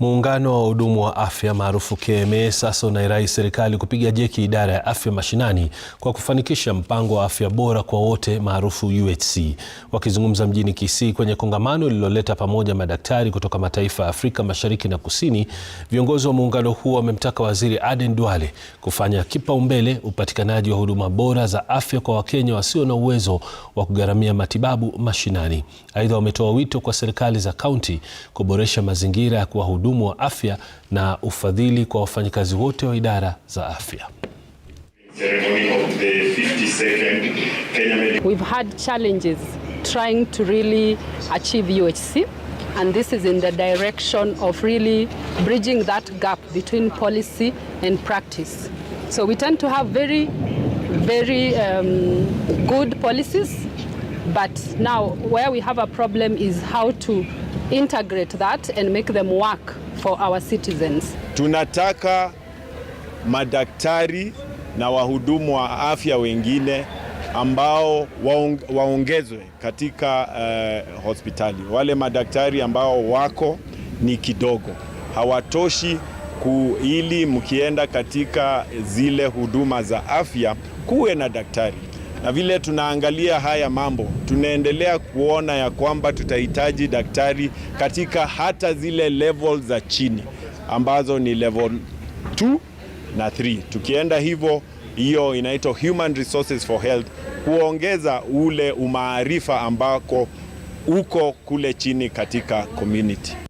Muungano wa wahudumu wa afya maarufu KMA sasa unairahi serikali kupiga jeki idara ya afya mashinani kwa kufanikisha mpango wa afya bora kwa wote maarufu UHC. Wakizungumza mjini Kisii kwenye kongamano lililoleta pamoja madaktari kutoka mataifa ya Afrika Mashariki na Kusini, viongozi wa muungano huo wamemtaka Waziri Aden Duale kufanya kipaumbele upatikanaji wa huduma bora za afya kwa Wakenya wasio na uwezo wa kugharamia matibabu mashinani. Aidha, wametoa wito kwa serikali za kaunti kuboresha mazingira ya kuwa wahudumu wa afya na ufadhili kwa wafanyakazi wote wa idara za afya. We've had challenges trying to really achieve UHC and this is in the direction of really bridging that gap between policy and practice. So we tend to have very very um, good policies but now where we have a problem is how to integrate that and make them work for our citizens. Tunataka madaktari na wahudumu wa afya wengine ambao waongezwe katika uh, hospitali. Wale madaktari ambao wako ni kidogo, hawatoshi ku, ili mkienda katika zile huduma za afya kuwe na daktari na vile tunaangalia haya mambo, tunaendelea kuona ya kwamba tutahitaji daktari katika hata zile level za chini ambazo ni level 2 na 3. Tukienda hivyo, hiyo inaitwa human resources for health, kuongeza ule umaarifa ambako uko kule chini katika community.